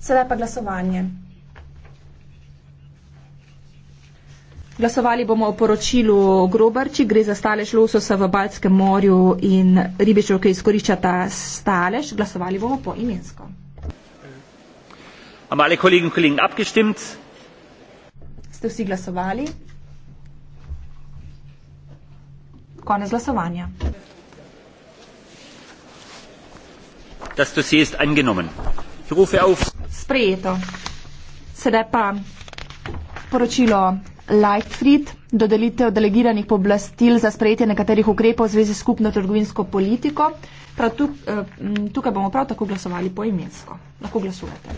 Sedaj pa glasovanje. Glasovali bomo o poročilu Grobarči, gre za stalež lososa v Baltskem morju in ribičev, ki izkoriščata stalež. Glasovali bomo po imensko. Am alle Kolleginnen und Kollegen abgestimmt? Ste vsi glasovali? Konec glasovanja. Das Dossier ist angenommen. Ich rufe auf sprejeto. Sedaj pa poročilo Lightfried, dodelitev delegiranih poblastil za sprejetje nekaterih ukrepov v zvezi s skupno trgovinsko politiko. Prav tuk, eh, tukaj bomo prav tako glasovali po imensko. Lahko glasujete.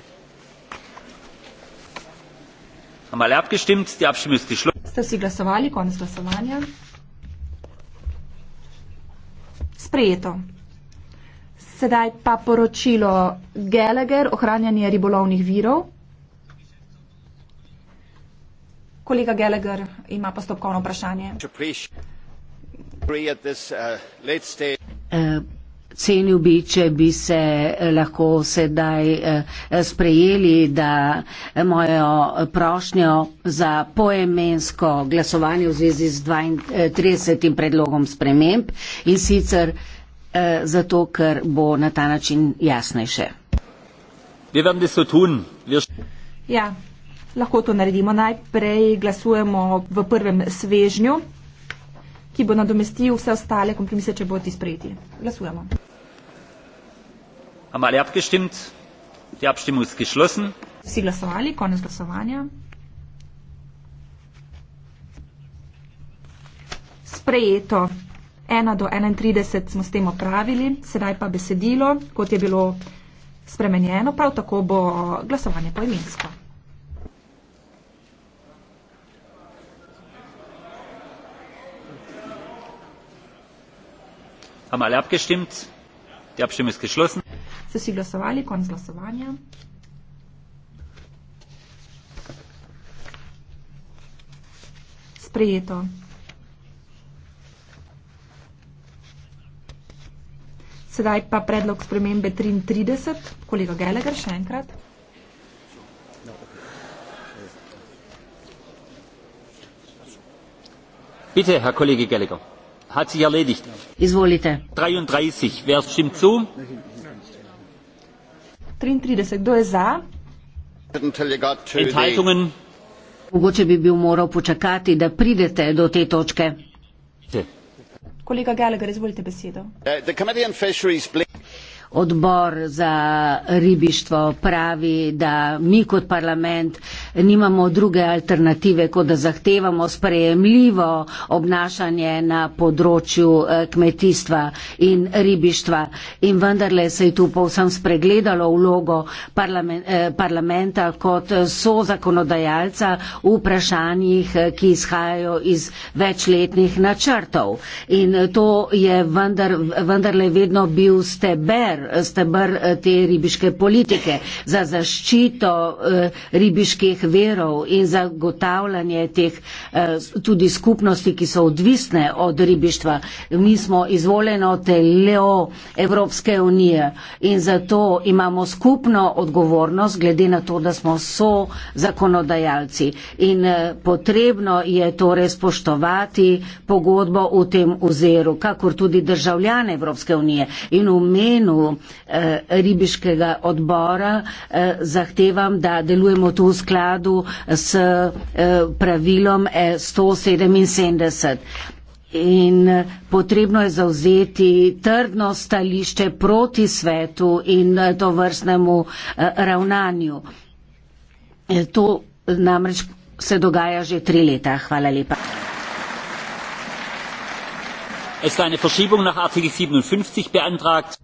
Ste vsi glasovali, konec glasovanja? Sprejeto. Sedaj pa poročilo Geleger, ohranjanje ribolovnih virov. Kolega Geleger ima postopkovno vprašanje. Eh, cenil bi, če bi se eh, lahko sedaj eh, sprejeli, da mojo prošnjo za poemensko glasovanje v zvezi z 32 predlogom sprememb in sicer Eh, zato ker bo na ta način jasnejše. Ja, lahko to naredimo. Najprej glasujemo v prvem svežnju, ki bo nadomestil vse ostale kompromise, če bo ti sprejeti. Glasujemo. Vsi glasovali, konec glasovanja. Sprejeto. 1 do 31 smo s tem opravili, sedaj pa besedilo, kot je bilo spremenjeno, prav tako bo glasovanje poimensko. Haben alle abgestimmt? Die Abstimmung ist geschlossen. Sie sind glasowali, konz glasowania. Sprejeto. Sedaj pa predlog spremembe 33. Kolega Gelegar, še enkrat. Bitte, Herr Kollege Gelliger, hat sich erledigt? Izvolite. 33, wer stimmt zu? 33, kdo je za? Enthaltungen? Mogoče bi bil moral počakati, da pridete do te točke. Bitte. Kolega Gallagher, izvolite besedo. Uh, Odbor za ribištvo pravi, da mi kot parlament nimamo druge alternative, kot da zahtevamo sprejemljivo obnašanje na področju eh, kmetijstva in ribištva. In vendarle se je tu povsem spregledalo vlogo eh, parlamenta kot eh, so zakonodajalca v vprašanjih, ki izhajajo iz večletnih načrtov. In to je vendar, vendarle vedno bil steber, steber te ribiške politike za zaščito ribiških teh verov in zagotavljanje teh eh, tudi skupnosti, ki so odvisne od ribištva. Mi smo izvoljeno telo Evropske unije in zato imamo skupno odgovornost glede na to, da smo so zakonodajalci. In eh, potrebno je torej spoštovati pogodbo v tem oziru, kakor tudi državljane Evropske unije. In v menu eh, ribiškega odbora zahtevam, da delujemo tu v skladu skladu s eh, pravilom 177. Eh, in eh, potrebno je zauzeti trdno stališče proti svetu in to vrstnemu ravnanju. To namreč se dogaja že tri leta. Hvala lepa. Es war eine Verschiebung nach Artikel 57 beantragt.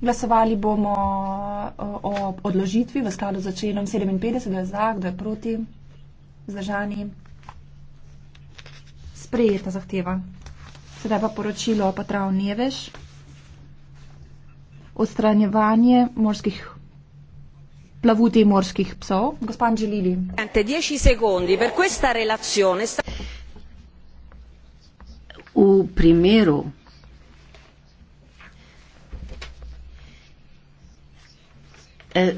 Glasovali bomo o odložitvi v skladu z členom 57, kdo je za, kdo je proti, zdržani. Sprejeta zahteva. Sedaj pa poročilo o Patrav Neveš. Ostranjevanje morskih plavuti morskih psov. Gospod Anželili. V primeru, Eh,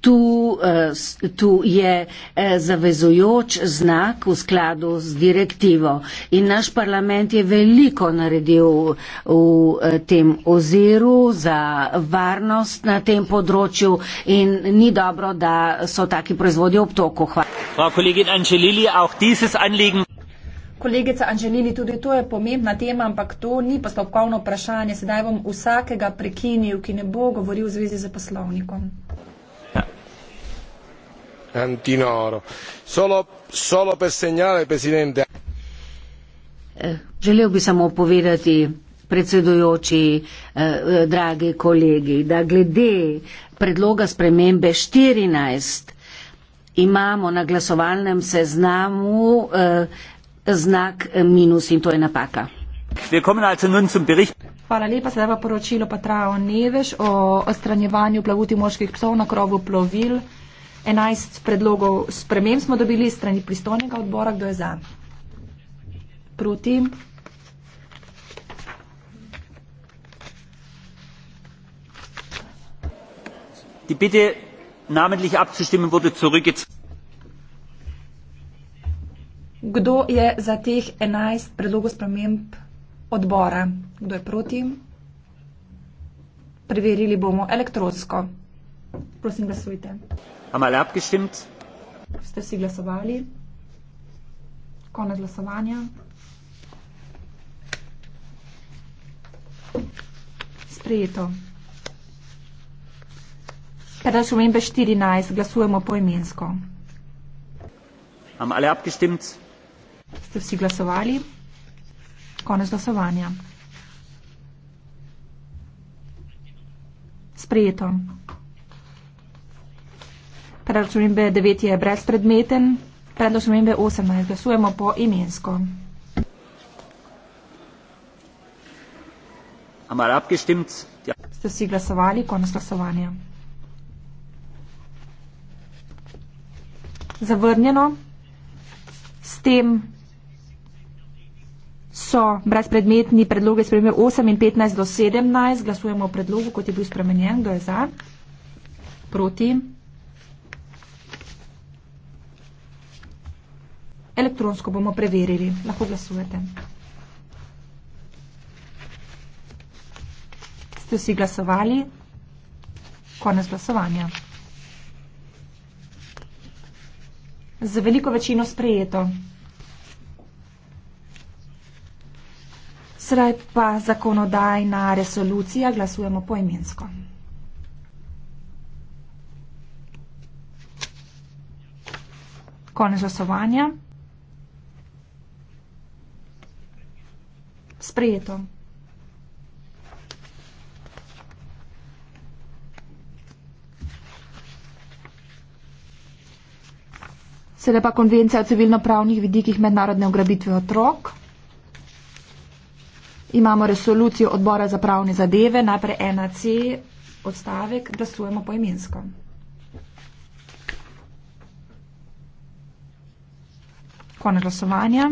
tu, eh, tu je eh, zavezujoč znak v skladu z direktivo in naš parlament je veliko naredil v tem oziru za varnost na tem področju in ni dobro, da so taki proizvodi obtoku. Hvala. Hvala kolegica Anželini, tudi to je pomembna tema, ampak to ni postopkovno vprašanje. Sedaj bom vsakega prekinil, ki ne bo govoril v zvezi z poslovnikom. Ja. Antinoro. Solo, solo per segnale, presidente. Eh, želel bi samo povedati, predsedujoči, eh, eh, dragi kolegi, da glede predloga spremembe 14 imamo na glasovalnem seznamu eh, znak eh, minus in to je napaka. Hvala lepa, sedaj pa poročilo pa trajo neveš o odstranjevanju plavuti moških psov na krovu plovil. 11 predlogov sprememb smo dobili strani pristojnega odbora, kdo je za? Proti? Die Bitte namentlich abzustimmen wurde zurückgezogen kdo je za teh 11 predlogov sprememb odbora, kdo je proti. Preverili bomo elektronsko. Prosim, glasujte. Amalja, ki štimt. Ste vsi glasovali? Konec glasovanja. Sprejeto. Predaš omembe 14, glasujemo poimensko. Am alle abgestimmt? Ste vsi glasovali? Konec glasovanja. Sprejeto. Predlog spremembe 9 je brezpredmeten, predlog spremembe 18 glasujemo po imensko. Ja. Ste vsi glasovali? Konec glasovanja. Zavrnjeno. S tem so brezpredmetni predloge spremembe 8 in 15 do 17. Glasujemo o predlogu, kot je bil spremenjen. Kdo je za? Proti? Elektronsko bomo preverili. Lahko glasujete. Ste vsi glasovali? Konec glasovanja. Z veliko večino sprejeto. Sedaj pa zakonodajna resolucija, glasujemo poimensko. Konec glasovanja. Sprejeto. Sedaj pa konvencija o civilno-pravnih vidikih mednarodne ugrabitve otrok. Imamo resolucijo odbora za pravne zadeve, najprej ena C odstavek, glasujemo po imensko. Konec glasovanja.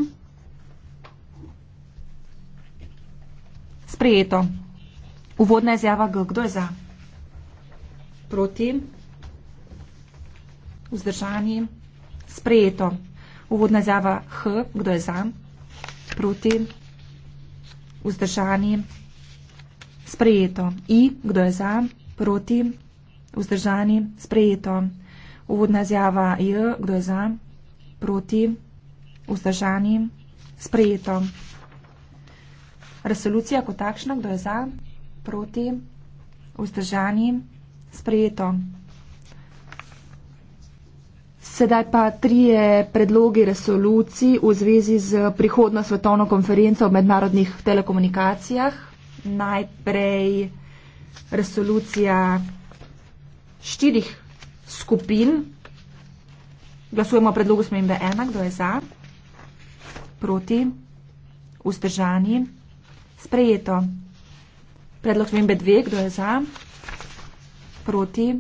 Sprejeto. Uvodna izjava G. Kdo je za? Proti. Vzdržani. Sprejeto. Uvodna izjava H. Kdo je za? Proti vzdržani, sprejeto. I, kdo je za, proti, vzdržani, sprejeto. Uvodna zjava J, kdo je za, proti, vzdržani, sprejeto. Resolucija kot takšna, kdo je za, proti, vzdržani, sprejeto. Sedaj pa trije predlogi resolucij v zvezi z prihodno svetovno konferenco o mednarodnih telekomunikacijah. Najprej resolucija štirih skupin. Glasujemo o predlogu smembe ena, kdo je za, proti, vzdržani, sprejeto. Predlog smembe dve, kdo je za, proti,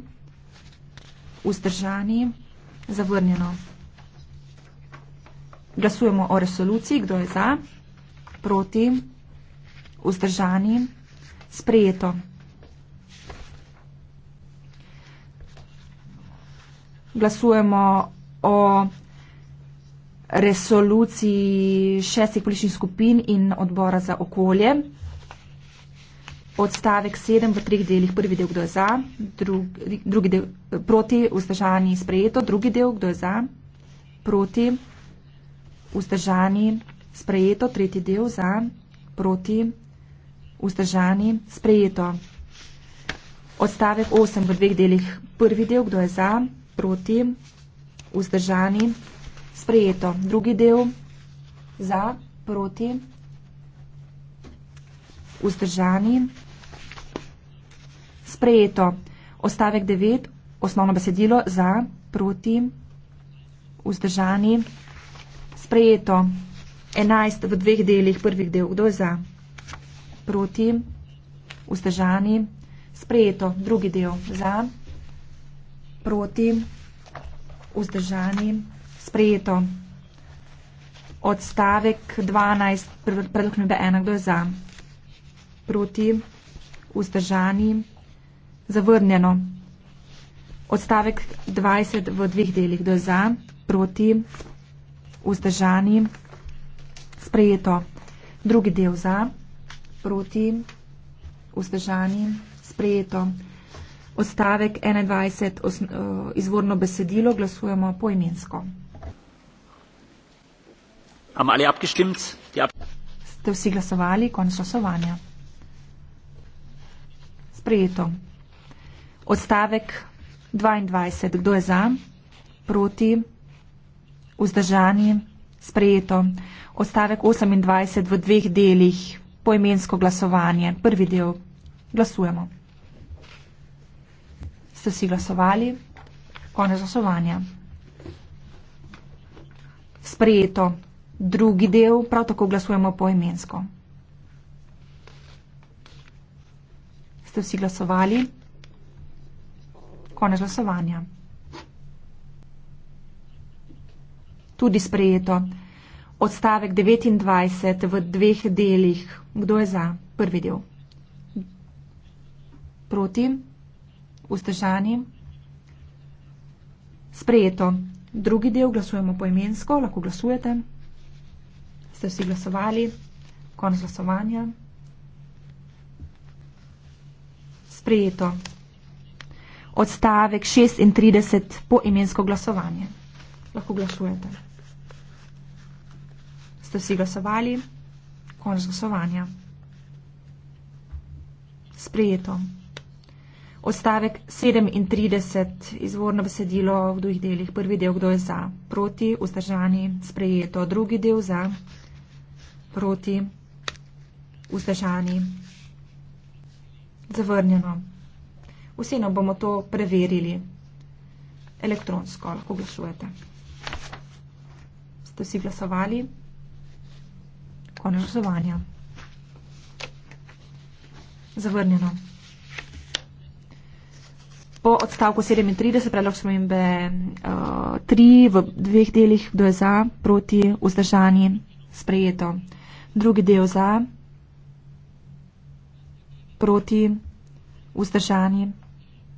vzdržani. Zavrnjeno. Glasujemo o resoluciji. Kdo je za? Proti? Vzdržani? Sprejeto. Glasujemo o resoluciji šestih političnih skupin in odbora za okolje. Odstavek 7 v treh delih. Prvi del, kdo je za, drugi, drugi del proti, vzdržani sprejeto, drugi del, kdo je za, proti, vzdržani sprejeto, tretji del za, proti, vzdržani sprejeto. Odstavek 8 v dveh delih. Prvi del, kdo je za, proti, vzdržani sprejeto, drugi del za, proti, vzdržani sprejeto sprejeto. Ostavek 9, osnovno besedilo za, proti, vzdržani, sprejeto. 11 v dveh delih, prvih del, kdo je za, proti, vzdržani, sprejeto. Drugi del, za, proti, vzdržani, sprejeto. Odstavek 12, predlog nebe 1, kdo je za, proti, vzdržani, sprejeto zavrnjeno. Odstavek 20 v dveh delih. Do za, proti, vzdržani, sprejeto. Drugi del za, proti, vzdržani, sprejeto. Odstavek 21, eh, izvorno besedilo, glasujemo poimensko. Ste vsi glasovali, konec glasovanja. Sprejeto. Odstavek 22. Kdo je za? Proti? Vzdržani? Sprejeto. Odstavek 28 v dveh delih. Poimensko glasovanje. Prvi del. Glasujemo. Ste vsi glasovali? Konec glasovanja. Sprejeto. Drugi del. Prav tako glasujemo poimensko. Ste vsi glasovali? Konec glasovanja. Tudi sprejeto. Odstavek 29 v dveh delih. Kdo je za? Prvi del. Proti. Vzdržani. Sprejeto. Drugi del. Glasujemo poimensko. Lahko glasujete. Ste vsi glasovali. Konec glasovanja. Sprejeto odstavek 36 po imensko glasovanje. Lahko glasujete. Ste vsi glasovali? Konec glasovanja. Sprejeto. Odstavek 37, izvorno besedilo v dveh delih. Prvi del, kdo je za, proti, vzdržani, sprejeto. Drugi del za, proti, vzdržani, zavrnjeno. Vseeno bomo to preverili elektronsko, lahko glasujete. Ste vsi glasovali? Konec glasovanja. Zavrnjeno. Po odstavku 37 predlog spremembe 3 eh, v dveh delih, kdo je za, proti, vzdržani, sprejeto. Drugi del za, proti, vzdržani vzdržani,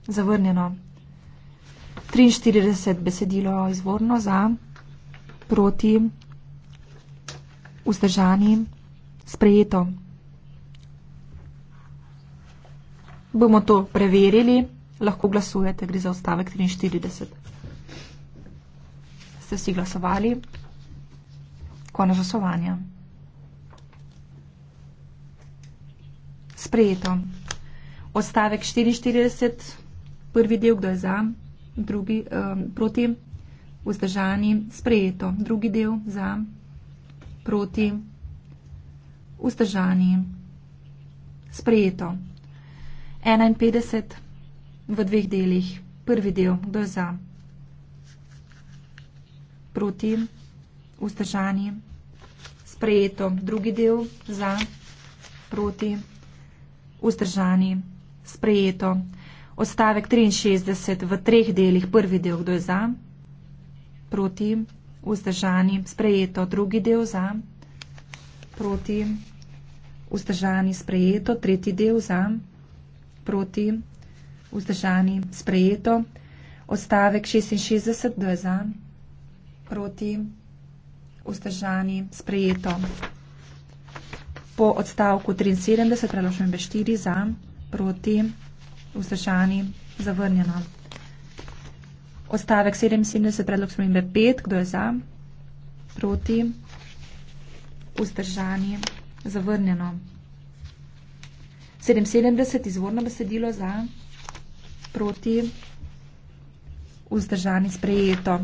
zavrnjeno. 43 besedilo izvorno za, proti, vzdržani, sprejeto. Bomo to preverili, lahko glasujete, gre za ostavek 43. Ste vsi glasovali? Konec glasovanja. Sprejeto. Ostavek 44, prvi del, kdo je za, drugi um, proti, vzdržani, sprejeto. Drugi del za, proti, vzdržani, sprejeto. 51 v dveh delih, prvi del, kdo je za, proti, vzdržani, sprejeto. Drugi del za, proti, vzdržani, sprejeto sprejeto. Ostavek 63 v treh delih. Prvi del, kdo je za, proti, vzdržani, sprejeto. Drugi del za, proti, vzdržani, sprejeto. Tretji del za, proti, vzdržani, sprejeto. Ostavek 66, kdo je za, proti, vzdržani, sprejeto. Po odstavku 73 preložujem 4 za proti vzdržani zavrnjeno. Odstavek 77, predlog spremembe 5, kdo je za, proti, vzdržani, zavrnjeno. 77, izvorno besedilo za, proti, vzdržani, sprejeto.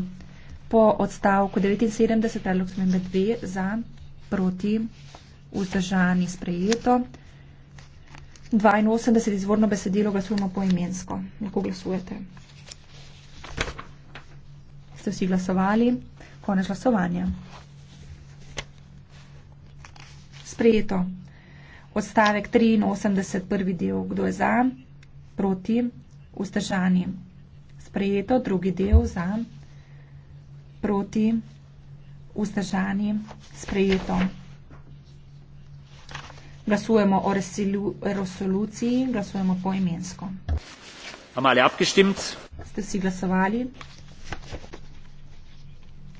Po odstavku 79, predlog spremembe 2, za, proti, vzdržani, sprejeto. 82, izvorno besedilo glasujemo po imensko. Lahko glasujete. Ste vsi glasovali? Konec glasovanja. Sprejeto. Odstavek 83, prvi del. Kdo je za? Proti? Vzdržani. Sprejeto. Drugi del. Za? Proti? Vzdržani. Sprejeto. Glasujemo o resoluciji, glasujemo poimensko. Ste vsi glasovali?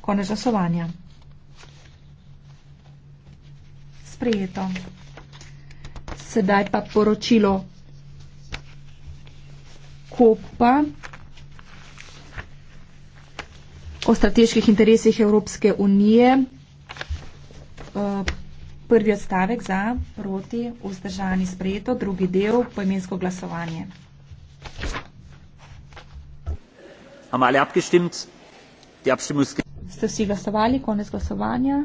Konec glasovanja. Sprejeto. Sedaj pa poročilo KOPA o strateških interesih Evropske unije. Uh, Prvi odstavek za, proti, vzdržani sprejeto, drugi del, poimensko glasovanje. Ste vsi glasovali, konec glasovanja?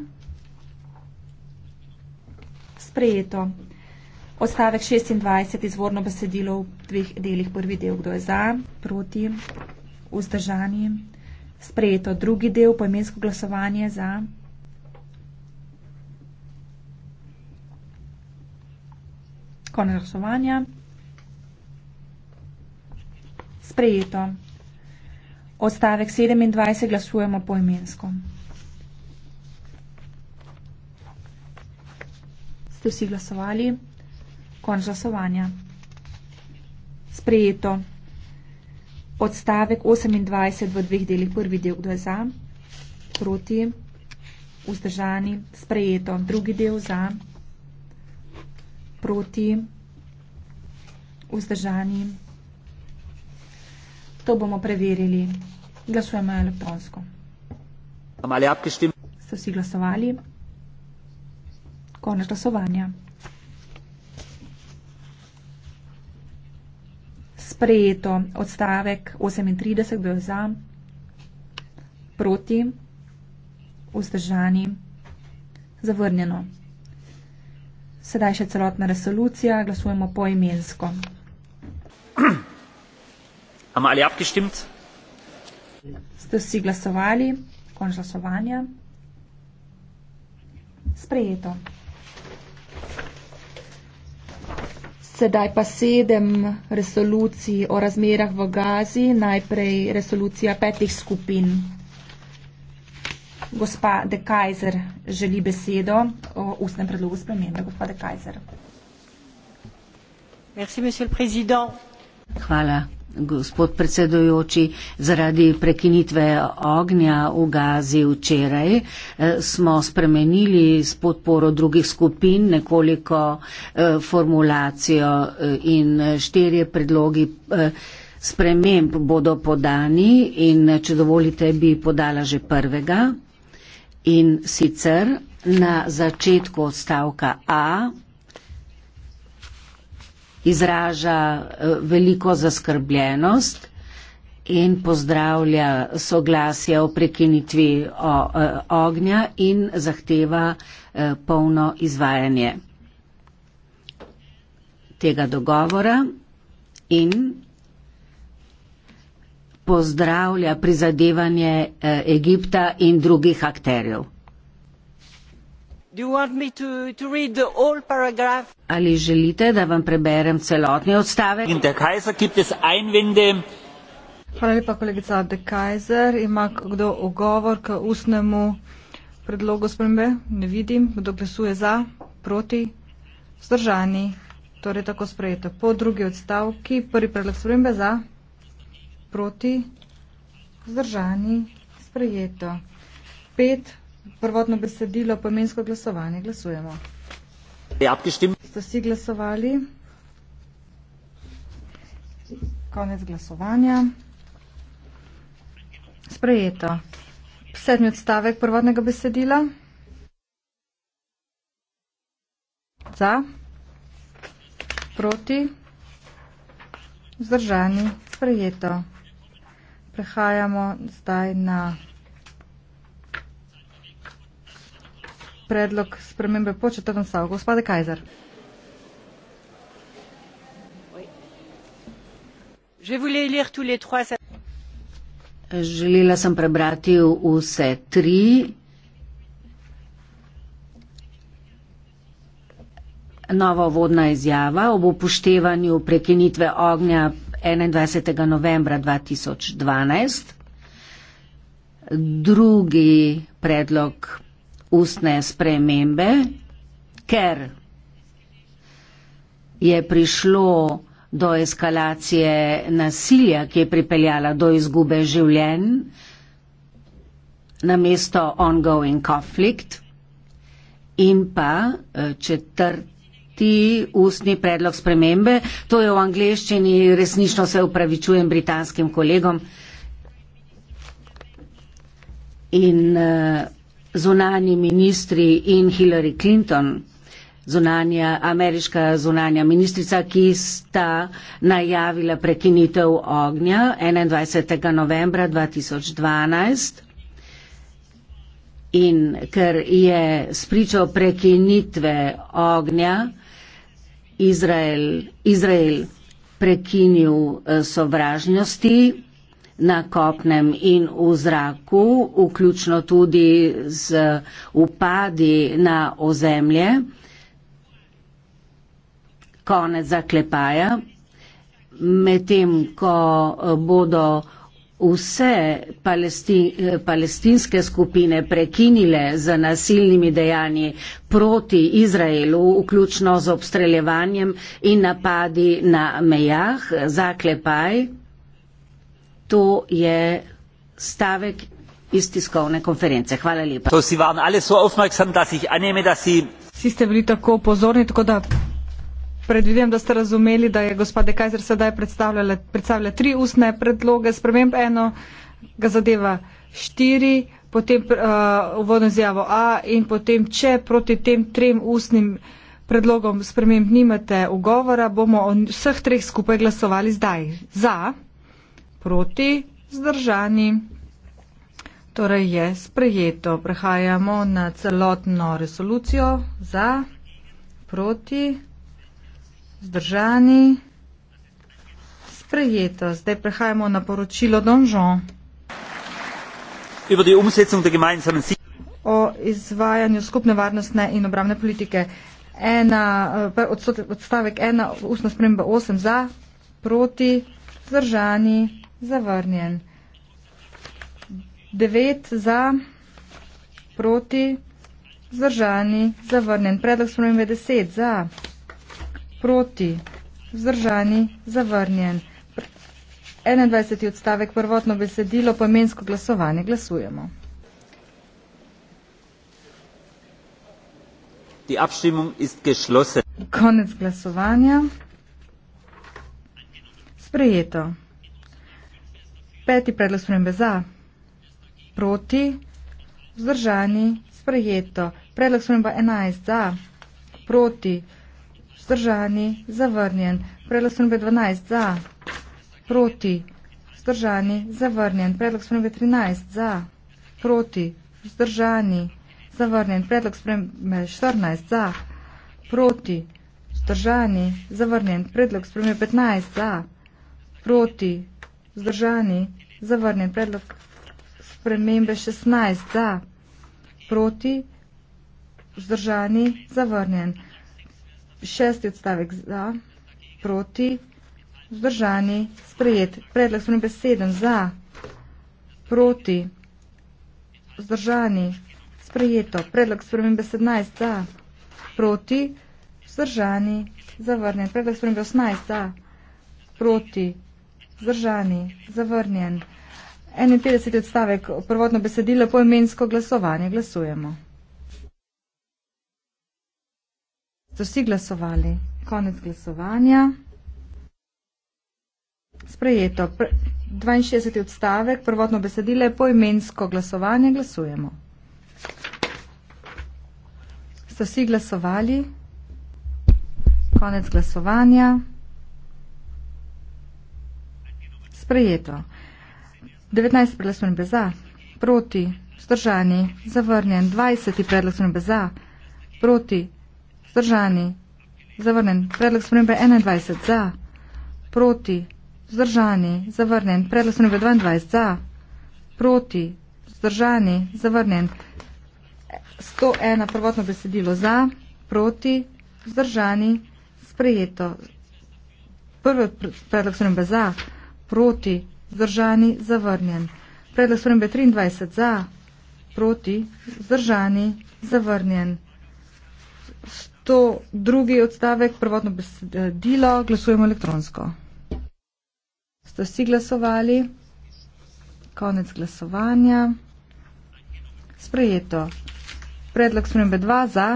Sprejeto. Odstavek 26, izvorno besedilo v dveh delih, prvi del, kdo je za, proti, vzdržani, sprejeto, drugi del, poimensko glasovanje za. Konec glasovanja. Sprejeto. Odstavek 27 glasujemo poimensko. Ste vsi glasovali? Konec glasovanja. Sprejeto. Odstavek 28 v dveh delih. Prvi del, kdo je za, proti, vzdržani, sprejeto. Drugi del za proti, vzdržani. To bomo preverili. Glasujemo elektronsko. Ste vsi glasovali? Konec glasovanja. Sprejeto odstavek 38, kdo je za, proti, vzdržani, zavrnjeno. Sedaj še celotna resolucija, glasujemo poimensko. Amali abgestimt? Ste vsi glasovali? Konč glasovanja? Sprejeto. Sedaj pa sedem resolucij o razmerah v Gazi, najprej resolucija petih skupin. Gospa De Kajzer želi besedo o ustnem predlogu spremembe. Gospa De Kajzer. Hvala, gospod predsedujoči. Zaradi prekinitve ognja v Gazi včeraj eh, smo spremenili s podporo drugih skupin nekoliko eh, formulacijo eh, in štirje predlogi sprememb bodo podani in če dovolite, bi podala že prvega in sicer na začetku odstavka A izraža eh, veliko zaskrbljenost in pozdravlja soglasje o prekinitvi eh, ognja in zahteva eh, polno izvajanje tega dogovora in pozdravlja prizadevanje eh, Egipta in drugih akterjev. To, to Ali želite, da vam preberem celotni odstavek? Hvala lepa, kolegica De Kajzer. Ima kdo ogovor k usnemu predlogu spremembe? Ne vidim. Kdo glasuje za, proti, zdržani? Torej tako sprejeto. Po drugi odstavki, prvi predlog spremembe za proti, vzdržani, sprejeto. Pet, prvotno besedilo, pomensko glasovanje, glasujemo. Ste vsi glasovali? Konec glasovanja. Sprejeto. Sedmi odstavek prvotnega besedila. Za. Proti. Zdržani. Sprejeto prehajamo zdaj na predlog spremembe po četrtem stavku. Gospode Kajzer. Želela sem prebrati vse tri. Nova vodna izjava ob upoštevanju prekinitve ognja 21. novembra 2012. Drugi predlog ustne spremembe, ker je prišlo do eskalacije nasilja, ki je pripeljala do izgube življenj na mesto ongoing conflict in pa eh, četrt ti ustni predlog spremembe. To je v angleščini, resnično se upravičujem britanskim kolegom. In uh, zunani ministri in Hillary Clinton, zunanja, ameriška zunanja ministrica, ki sta najavila prekinitev ognja 21. novembra 2012. In ker je spričal prekinitve ognja, Izrael, Izrael prekinil eh, sovražnosti na kopnem in v zraku, vključno tudi z upadi na ozemlje. Konec zaklepaja. Medtem, ko eh, bodo vse palesti, palestinske skupine prekinile z nasilnimi dejanji proti Izraelu, vključno z obstreljevanjem in napadi na mejah, zaklepaj. To je stavek iz tiskovne konference. Hvala lepa. Si ste bili tako pozorni, tako da Predvidim, da ste razumeli, da je gospode Kajzer sedaj predstavlja tri ustne predloge, sprememb eno, ga zadeva štiri, potem uh, vodno izjavo A in potem, če proti tem trem ustnim predlogom sprememb nimate ugovora, bomo o vseh treh skupaj glasovali zdaj. Za, proti, zdržani. Torej je sprejeto. Prehajamo na celotno resolucijo. Za, proti, zdržani. Zdržani. Sprejeto. Zdaj prehajamo na poročilo Donžon. O izvajanju skupne varnostne in obramne politike. Ena, eh, odstavek 1, ustna sprememba 8 za, proti, zdržani, zavrnjen. 9 za, proti, zdržani, zavrnjen. Predlog spremembe 10 za proti, vzdržani, zavrnjen. 21. odstavek prvotno besedilo pomensko glasovanje glasujemo. Die Abstimmung ist geschlossen. Konec glasovanja. Sprejeto. Peti predlog spremembe za. Proti. Vzdržani. Sprejeto. Predlog spremembe 11 za. Proti. Zdržani, zavrnjen. Predlog spremembe 12 za, proti. Zdržani, zavrnjen. Predlog spremembe 13 za, proti. Zdržani, zavrnjen. Predlog spremembe 14 za, proti. Zdržani, zavrnjen. Predlog spremembe 15 za, proti. Zdržani, zavrnjen. Predlog spremembe 16 za, proti. Zdržani, zavrnjen šesti odstavek za, proti, vzdržani, sprejet. Predlog so besedem za, proti, vzdržani, sprejeto. Predlog so nebe sednajst za, proti, vzdržani, zavrnjen. Predlog so nebe osnajst za, proti, vzdržani, zavrnjen. 51. odstavek, prvotno besedilo, poimensko glasovanje. Glasujemo. So vsi glasovali. Konec glasovanja. Sprejeto. 62. odstavek, prvotno besedilo je poimensko glasovanje. Glasujemo. So vsi glasovali. Konec glasovanja. Sprejeto. 19. predlog smo nebeza. Proti. Zdržani. Zavrnjen. 20. predlog smo nebeza. Proti. Zdržani. Zavrnen. Predlog spremembe 21. Za. Proti. Zdržani. Zavrnen. Predlog spremembe 22. Za. Proti. Zdržani. Zavrnen. 101. Prvotno besedilo. Za. Proti. Zdržani. Sprejeto. Prvi predlog spremembe za. Proti. Zdržani. Zavrnen. Predlog spremembe 23. Za. Proti. Zdržani. Zavrnen to drugi odstavek, prvotno besedilo, glasujemo elektronsko. Ste vsi glasovali? Konec glasovanja. Sprejeto. Predlog spremembe 2 za,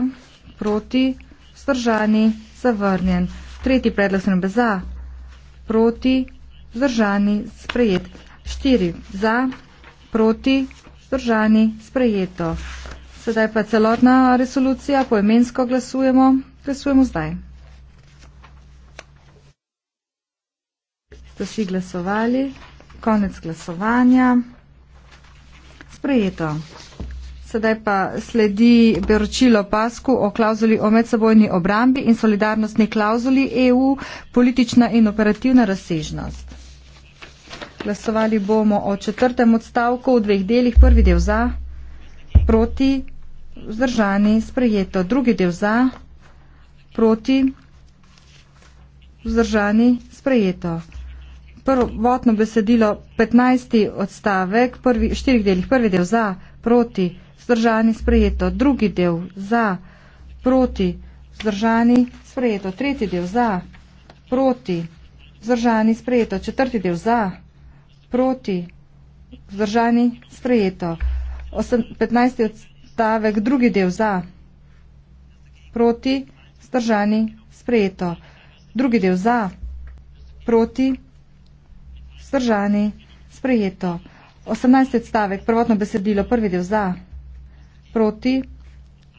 proti, vzdržani, zavrnjen. Tretji predlog spremembe za, proti, vzdržani, sprejet. Štiri za, proti, vzdržani, sprejeto. Sedaj pa celotna resolucija, poemensko glasujemo. Glasujemo zdaj. Ste vsi glasovali? Konec glasovanja. Sprejeto. Sedaj pa sledi beročilo pasku o klauzuli o medsebojni obrambi in solidarnostni klauzuli EU, politična in operativna razsežnost. Glasovali bomo o četrtem odstavku v dveh delih, prvi del za, proti, vzdržani, sprejeto. Drugi del za, proti, vzdržani, sprejeto. Prvotno besedilo, 15. odstavek, prvi, štirih delih. Prvi del za, proti, vzdržani, sprejeto. Drugi del za, proti, vzdržani, sprejeto. Tretji del za, proti, vzdržani, sprejeto. Četrti del za, proti, vzdržani, sprejeto. 15. odstavek stavek, drugi del za, proti, stržani, sprejeto. Drugi del za, proti, stržani, sprejeto. 18. stavek, prvotno besedilo, prvi del za, proti,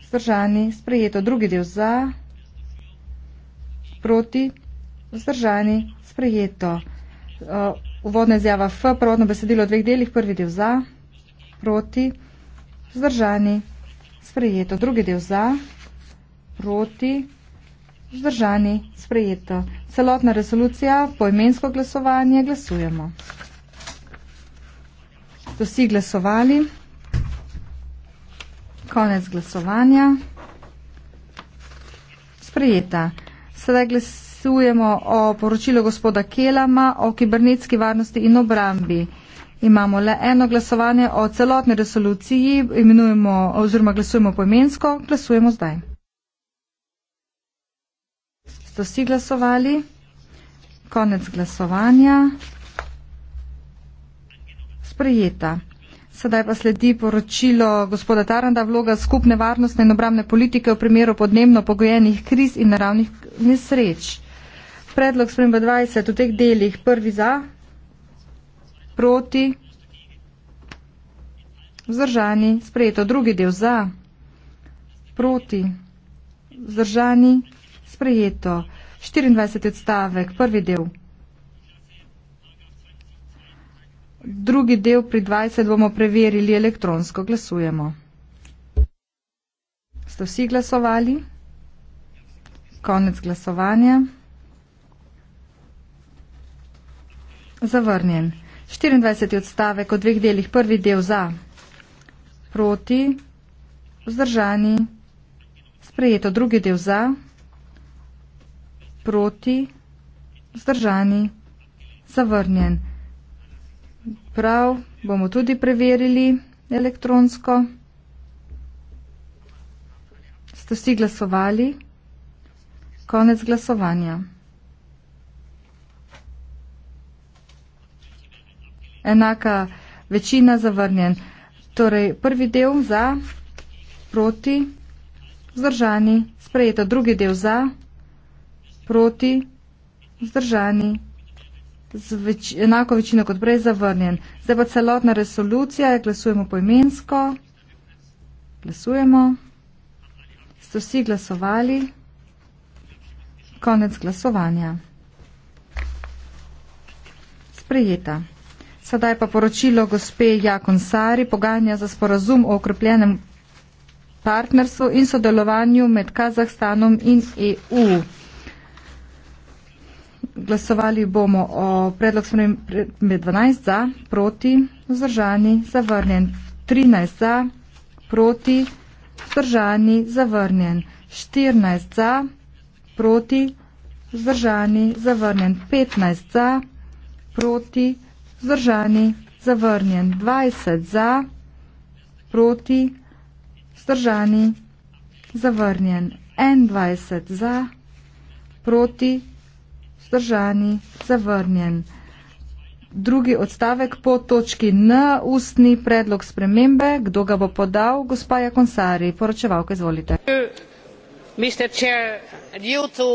stržani, sprejeto. Drugi del za, proti, stržani, sprejeto. Uvodna izjava F, prvotno besedilo v dveh delih, prvi del za, proti, zdržani, sprejeto. Drugi del za, proti, vzdržani, sprejeto. Celotna resolucija, poimensko glasovanje, glasujemo. To vsi glasovali. Konec glasovanja. Sprejeta. Sedaj glasujemo o poročilu gospoda Kelama o kibernetski varnosti in obrambi imamo le eno glasovanje o celotni resoluciji, imenujemo oziroma glasujemo poimensko, glasujemo zdaj. Ste vsi glasovali? Konec glasovanja. Sprejeta. Sedaj pa sledi poročilo gospoda Taranda vloga skupne varnostne in obramne politike v primeru podnebno pogojenih kriz in naravnih nesreč. Predlog sprememba 20 v teh delih prvi za, proti, vzdržani, sprejeto, drugi del za, proti, vzdržani, sprejeto, 24 odstavek, prvi del. Drugi del pri 20 bomo preverili elektronsko, glasujemo. Ste vsi glasovali? Konec glasovanja. Zavrnjen. 24 odstavek o dveh delih, prvi del za, proti, vzdržani, sprejeto, drugi del za, proti, vzdržani, zavrnjen. Prav, bomo tudi preverili elektronsko. Ste vsi glasovali? Konec glasovanja. enaka večina zavrnjen. Torej, prvi del za, proti, vzdržani, sprejeto. Drugi del za, proti, vzdržani, z več, enako večino kot prej zavrnjen. Zdaj pa celotna resolucija, glasujemo poimensko. Glasujemo. Ste vsi glasovali? Konec glasovanja. Sprejeta. Sedaj pa poročilo gospe Jakon Sari poganja za sporazum o okrepljenem partnerstvu in sodelovanju med Kazahstanom in EU. Glasovali bomo o predlog spremembe 12 za, proti, vzdržani, zavrnjen. 13 za, proti, vzdržani, zavrnjen. 14 za, proti, vzdržani, zavrnjen. 15 za, proti, vzdržani. Zdržani, zavrnjen. 20 za, proti, zdržani, zavrnjen. 21 za, proti, zdržani, zavrnjen. Drugi odstavek po točki N, ustni predlog spremembe. Kdo ga bo podal? Gospa Jakonsari, poročevalka, izvolite. Mr. Chair, due to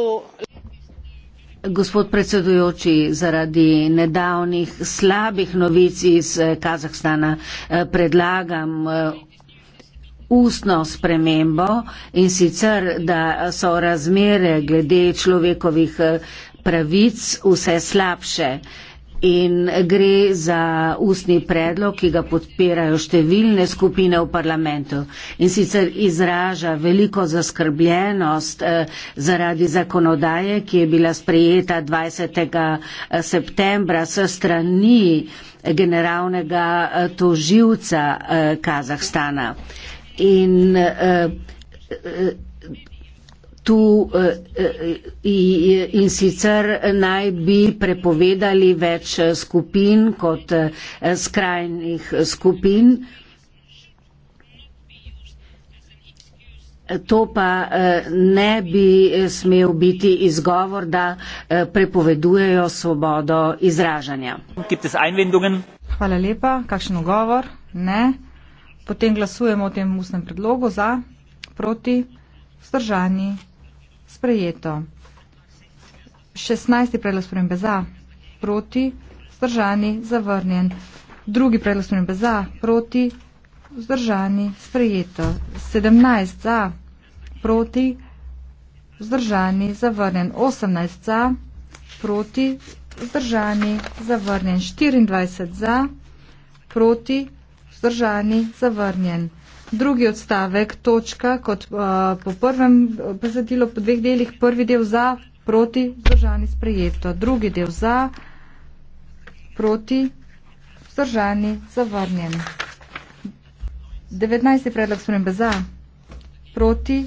Gospod predsedujoči, zaradi nedavnih slabih novic iz eh, Kazahstana eh, predlagam eh, ustno spremembo in sicer, da so razmere glede človekovih pravic vse slabše in gre za ustni predlog, ki ga podpirajo številne skupine v parlamentu in sicer izraža veliko zaskrbljenost eh, zaradi zakonodaje, ki je bila sprejeta 20. Eh, septembra s strani eh, generalnega toživca Kazahstana. In, tu eh, eh, in sicer naj bi prepovedali več skupin kot eh, skrajnih skupin. To pa ne bi smel biti izgovor, da prepovedujejo svobodo izražanja. Hvala lepa. Kakšen ogovor? Ne. Potem glasujemo o tem ustnem predlogu za, proti, vzdržani sprejeto. 16. predlog spremembe za, proti, zdržani, zavrnjen. Drugi predlog spremembe za, proti, zdržani, sprejeto. 17. za, proti, zdržani, zavrnjen. 18. za, proti, zdržani, zavrnjen. 24. za, proti, zdržani, zavrnjen. Drugi odstavek, točka, kot uh, po prvem uh, besedilu, po dveh delih, prvi del za, proti, vzdržani sprejeto, drugi del za, proti, vzdržani zavrnjen. 19. predlog spremembe za, proti,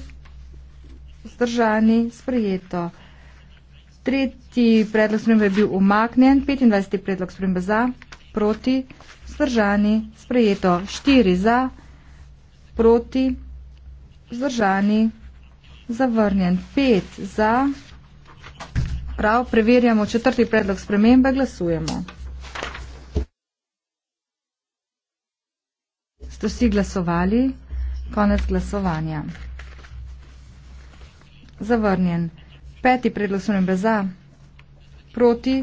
vzdržani sprejeto. Tretji predlog spremembe je bil umaknjen, 25. predlog spremembe za, proti, vzdržani sprejeto, 4 za, proti, vzdržani, zavrnjen, pet za, prav, preverjamo četrti predlog spremembe, glasujemo. Ste vsi glasovali, konec glasovanja. Zavrnjen, peti predlog spremembe za, proti,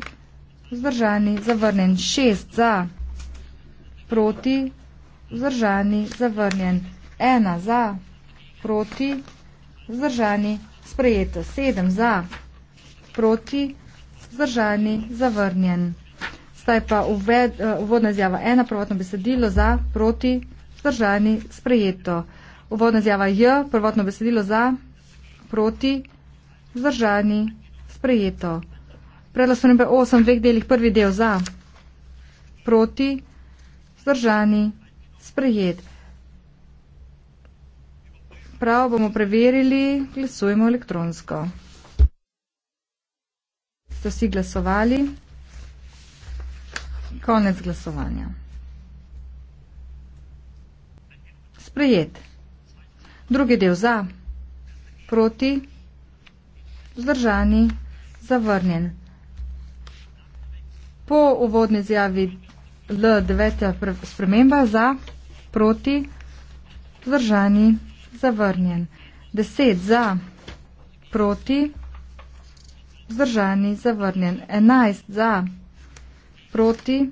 vzdržani, zavrnjen, šest za, proti, vzdržani, zavrnjen, ena za, proti, zdržani, sprejeto, sedem za, proti, zdržani, zavrnjen. Zdaj pa uved, eh, uvodna izjava ena, prvotno besedilo za, proti, zdržani, sprejeto. Uvodna izjava j, prvotno besedilo za, proti, zdržani, sprejeto. Predlog spremembe 8 v dveh delih, prvi del za, proti, zdržani, sprejeto. Prav bomo preverili, glasujemo elektronsko. Ste vsi glasovali? Konec glasovanja. Sprejet. Drugi del za. Proti. Zdržani. Zavrnjen. Po uvodni zjavi L9 sprememba za. Proti. Zdržani. Zavrnjen zavrnjen. 10 za, proti, vzdržani, zavrnjen. 11 za, proti,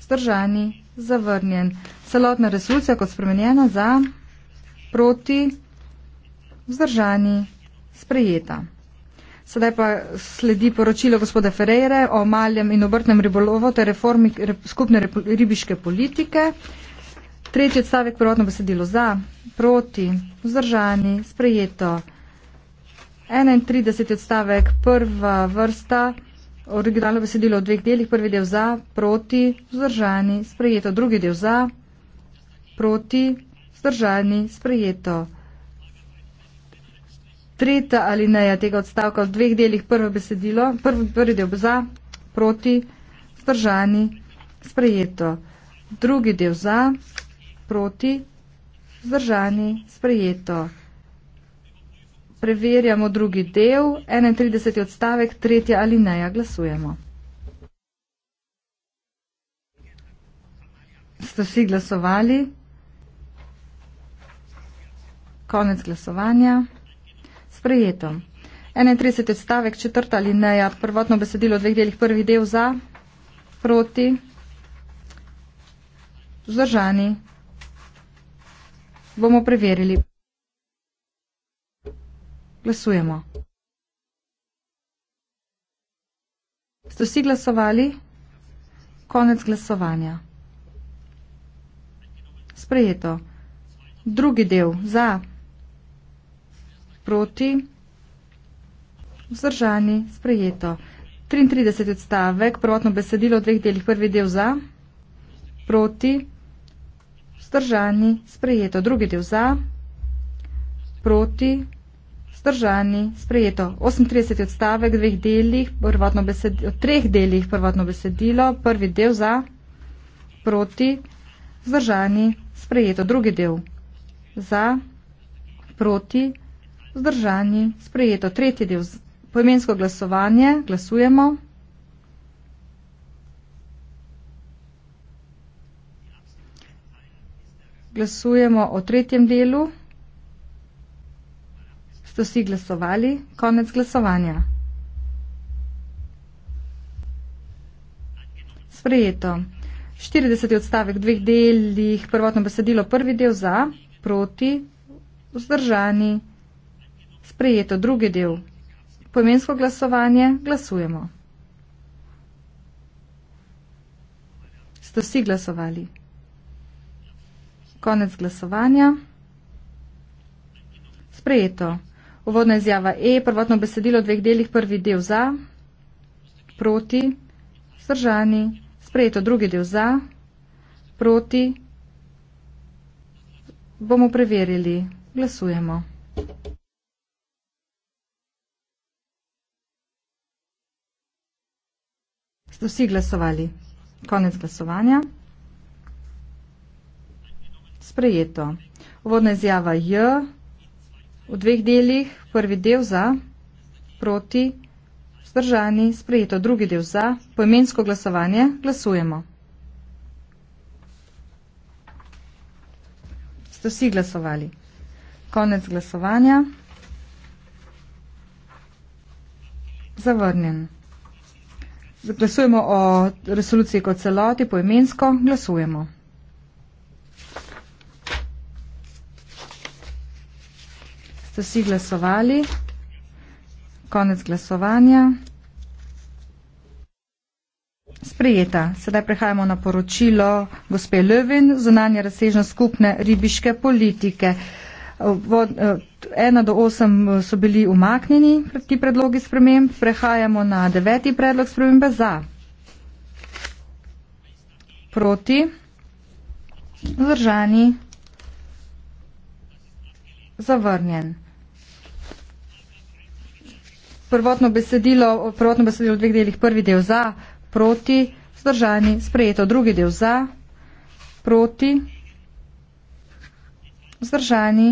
vzdržani, zavrnjen. Celotna resolucija kot spremenjena za, proti, vzdržani, sprejeta. Sedaj pa sledi poročilo gospoda Ferreira o maljem in obrtnem ribolovu ter reformi skupne ribiške politike. Tretji odstavek prvotno besedilo za, proti, vzdržani, sprejeto. 31. odstavek prva vrsta, originalno besedilo v dveh delih, prvi del za, proti, vzdržani, sprejeto. Drugi del za, proti, vzdržani, sprejeto. Tretja ali neja tega odstavka v dveh delih, prvo besedilo, prvi, prvi del za, proti, vzdržani, sprejeto. Drugi del za, proti, vzdržani, sprejeto. Preverjamo drugi del, 31. odstavek, tretja alineja, glasujemo. Ste vsi glasovali? Konec glasovanja. Sprejeto. 31. odstavek, četrta alineja, prvotno besedilo dveh delih prvih del za, proti, vzdržani, Bomo preverili. Glasujemo. Ste vsi glasovali? Konec glasovanja. Sprejeto. Drugi del. Za. Proti. Vzdržani. Sprejeto. 33 odstavek. Prvotno besedilo v dveh delih. Prvi del za. Proti. Zdržani, sprejeto. Drugi del za, proti, zdržani, sprejeto. 38. odstavek, dveh delih, prvotno besedilo, treh delih prvotno besedilo, prvi del za, proti, zdržani, sprejeto. Drugi del za, proti, zdržani, sprejeto. Tretji del, poimensko glasovanje, glasujemo. glasujemo o tretjem delu. Ste vsi glasovali? Konec glasovanja. Sprejeto. 40. odstavek dveh delih, prvotno besedilo, prvi del za, proti, vzdržani. Sprejeto. Drugi del. Pojmensko glasovanje. Glasujemo. Ste vsi glasovali? Konec glasovanja. Sprejeto. Uvodna izjava E, prvotno besedilo v dveh delih, prvi del za, proti, sržani, sprejeto drugi del za, proti, bomo preverili, glasujemo. Ste vsi glasovali? Konec glasovanja sprejeto. Uvodna izjava J v dveh delih, prvi del za, proti, vzdržani, sprejeto, drugi del za, poimensko glasovanje, glasujemo. Ste vsi glasovali. Konec glasovanja. Zavrnjen. Glasujemo o resoluciji kot celoti, poimensko glasujemo. ste si glasovali. Konec glasovanja. Sprejeta. Sedaj prehajamo na poročilo gospe Lövin, zunanja razsežnost skupne ribiške politike. Od 1 eh, do 8 eh, so bili umaknjeni ti predlogi sprememb, prehajamo na deveti predlog spremembe za. Proti. Zdržani. Zavrnjen prvotno besedilo, prvotno besedilo v dveh delih, prvi del za, proti, vzdržani, sprejeto, drugi del za, proti, vzdržani,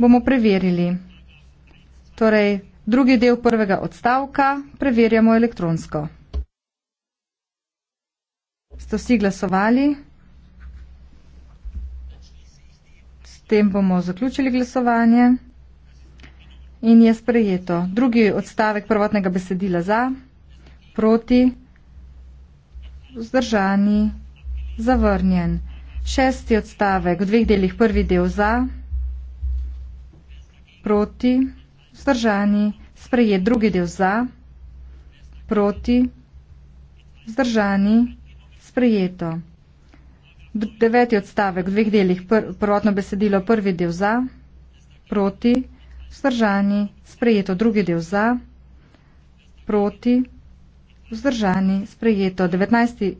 bomo preverili. Torej, drugi del prvega odstavka preverjamo elektronsko. Ste vsi glasovali? S tem bomo zaključili glasovanje in je sprejeto. Drugi odstavek prvotnega besedila za, proti, vzdržani, zavrnjen. Šesti odstavek v dveh delih prvi del za, proti, vzdržani, sprejet drugi del za, proti, vzdržani, sprejeto. Deveti odstavek v dveh delih prvotno besedilo prvi del za, proti, vzdržani, sprejeto vzdržani, sprejeto drugi del za, proti, vzdržani, sprejeto 19.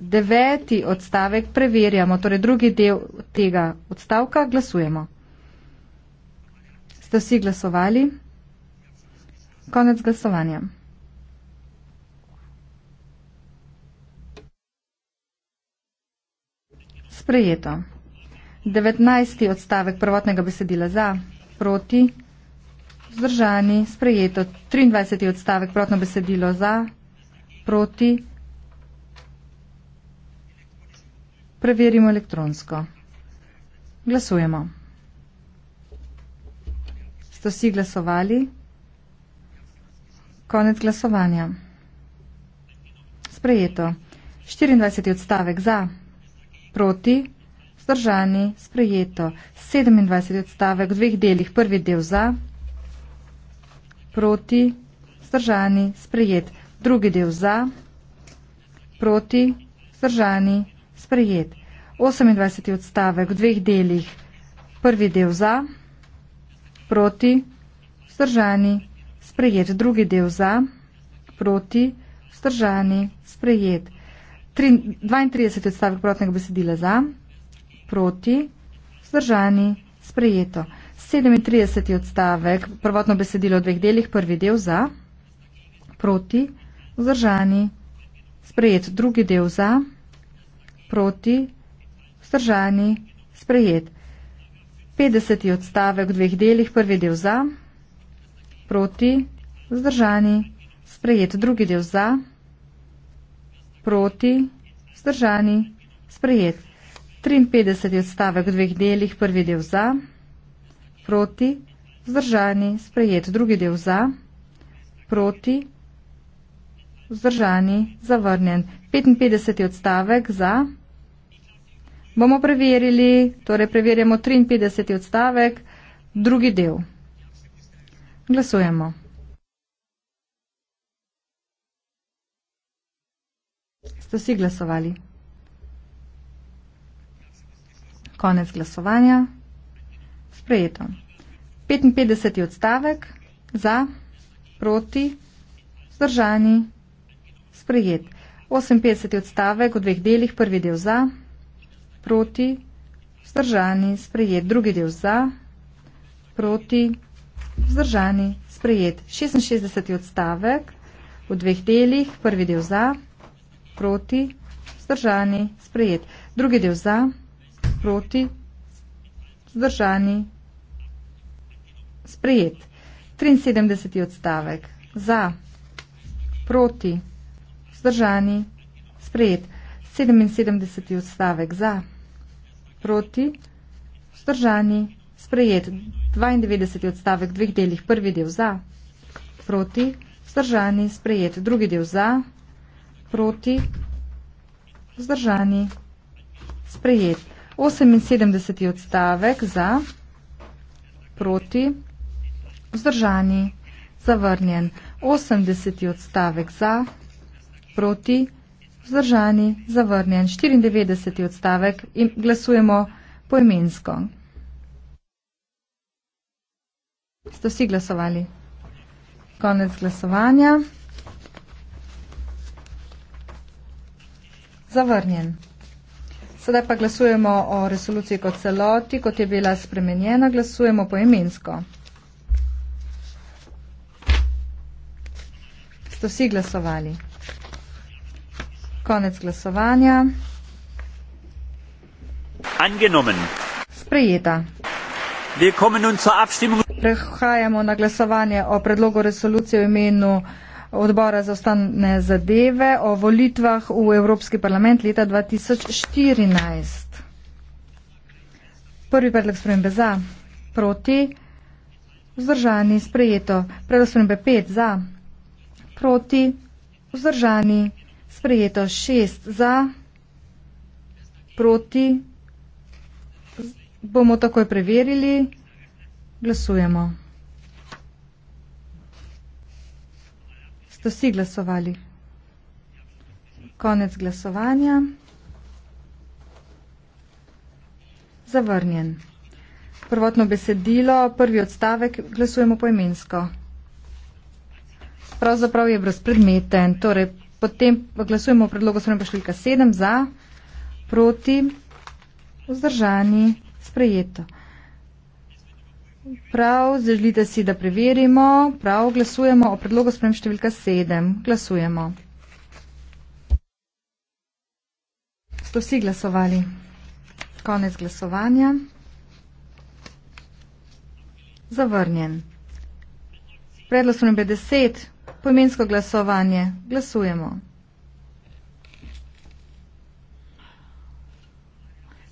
deveti odstavek, preverjamo, torej drugi del tega odstavka, glasujemo. Ste vsi glasovali? Konec glasovanja. Sprejeto. 19. odstavek prvotnega besedila za proti, vzdržani, sprejeto 23. odstavek, protno besedilo za, proti, preverimo elektronsko. Glasujemo. Ste vsi glasovali? Konec glasovanja. Sprejeto. 24. odstavek za, proti, vzdržani, sprejeto 23. odstavek, protno besedilo za, proti, preverimo elektronsko. Glasujemo. Ste vsi glasovali? Konec glasovanja. Sprejeto. 24. odstavek za, proti, vzdržani, sprejeto 27 odstavek v dveh delih, prvi del za, proti, vzdržani, sprejet, drugi del za, proti, vzdržani, sprejet, 28 odstavek v dveh delih, prvi del za, proti, vzdržani, sprejet, drugi del za, proti, vzdržani, sprejet. 32 odstavek protnega besedila za, proti, vzdržani, sprejeto. 37. odstavek, prvotno besedilo v dveh delih, prvi del za, proti, vzdržani, sprejet. Drugi del za, proti, vzdržani, sprejet. 50. odstavek v dveh delih, prvi del za, proti, vzdržani, sprejet. Drugi del za, proti, vzdržani, sprejet. 53 odstavek v dveh delih, prvi del za, proti, vzdržani, sprejet, drugi del za, proti, vzdržani, zavrnjen. 55 odstavek za, bomo preverili, torej preverjamo 53 odstavek, drugi del. Glasujemo. Ste si glasovali? Konec glasovanja. Sprejeto. 55. odstavek za, proti, zdržani, sprejet. 58. odstavek v dveh delih, prvi del za, proti, zdržani, sprejet. Drugi del za, proti, zdržani, sprejet. 66. odstavek v dveh delih, prvi del za, proti, zdržani, sprejet. Drugi del za, proti, zdržani, sprejet proti, zdržani, sprejet. 73. odstavek, za, proti, zdržani, sprejet. 77. odstavek, za, proti, zdržani, sprejet. 92. odstavek, dveh delih, prvi del za, proti, zdržani, sprejet. Drugi del za, proti, zdržani, sprejet. 78. odstavek za proti vzdržani zavrnjen. 80. odstavek za proti vzdržani zavrnjen. 94. odstavek in glasujemo poimensko. Ste vsi glasovali? Konec glasovanja. Zavrnjen. Sedaj pa glasujemo o resoluciji kot celoti, kot je bila spremenjena, glasujemo poemensko. Ste vsi glasovali? Konec glasovanja. Angenomen. Sprejeta. Prehajamo na glasovanje o predlogu resolucije v imenu odbora za ostane zadeve o volitvah v Evropski parlament leta 2014. Prvi predlog spremembe za, proti, vzdržani, sprejeto. Predlog spremembe 5 za, proti, vzdržani, sprejeto. 6 za, proti, bomo takoj preverili, glasujemo. ste vsi glasovali. Konec glasovanja. Zavrnjen. Prvotno besedilo, prvi odstavek, glasujemo poimensko. Pravzaprav je brezpredmeten. Torej, potem glasujemo v predlogu srednje pošiljke 7 za, proti, vzdržani, sprejeto. Prav, zaželite si, da preverimo. Prav, glasujemo o predlogu sprem številka 7. Glasujemo. Ste vsi glasovali. Konec glasovanja. Zavrnjen. Predlog sprem 10. Pojmensko glasovanje. Glasujemo.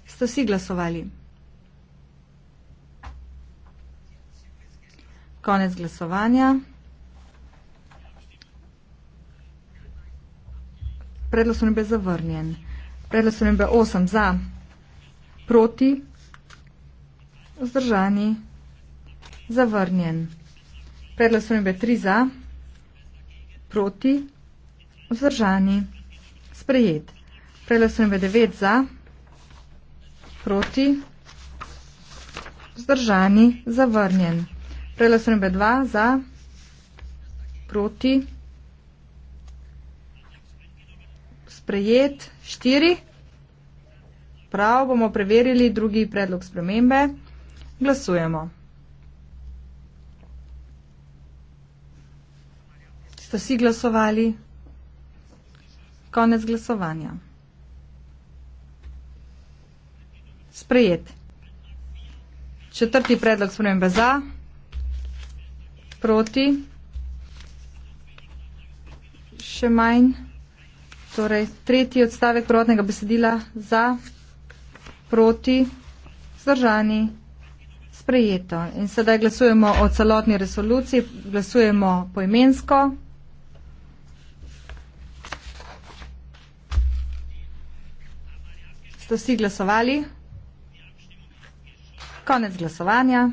Ste vsi glasovali. konec glasovanja. Predlog so nebe zavrnjen. Predlog so nebe 8 za, proti, vzdržani, zavrnjen. Predlog so nebe 3 za, proti, vzdržani, sprejet. Predlog so nebe 9 za, proti, vzdržani, zavrnjen. Prelasujem B2 za, proti, sprejet, štiri. Prav, bomo preverili drugi predlog spremembe. Glasujemo. Ste vsi glasovali? Konec glasovanja. Sprejet. Četrti predlog spremembe za. Sprejet proti, še manj, torej tretji odstavek prvotnega besedila za, proti, zdržani, sprejeto. In sedaj glasujemo o celotni resoluciji, glasujemo poimensko. Ste vsi glasovali? Konec glasovanja.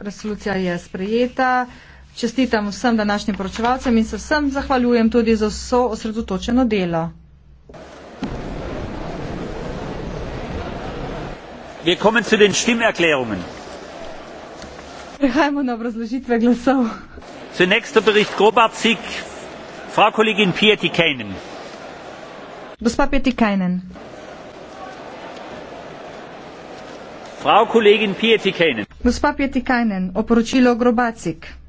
Resolucija je sprejeta. Čestitam vsem današnjim poročevalcem in se vsem zahvaljujem tudi za vso osredotočeno delo. Prehajamo na obrazložitve glasov. Zunächst der Bericht Grobarczyk, Frau Kollegin Pieti Kainen. Gospa Pieti Kainen. Frau Kollegin Pietikainen. Gospa Pietikainen, oporočilo Grobacik.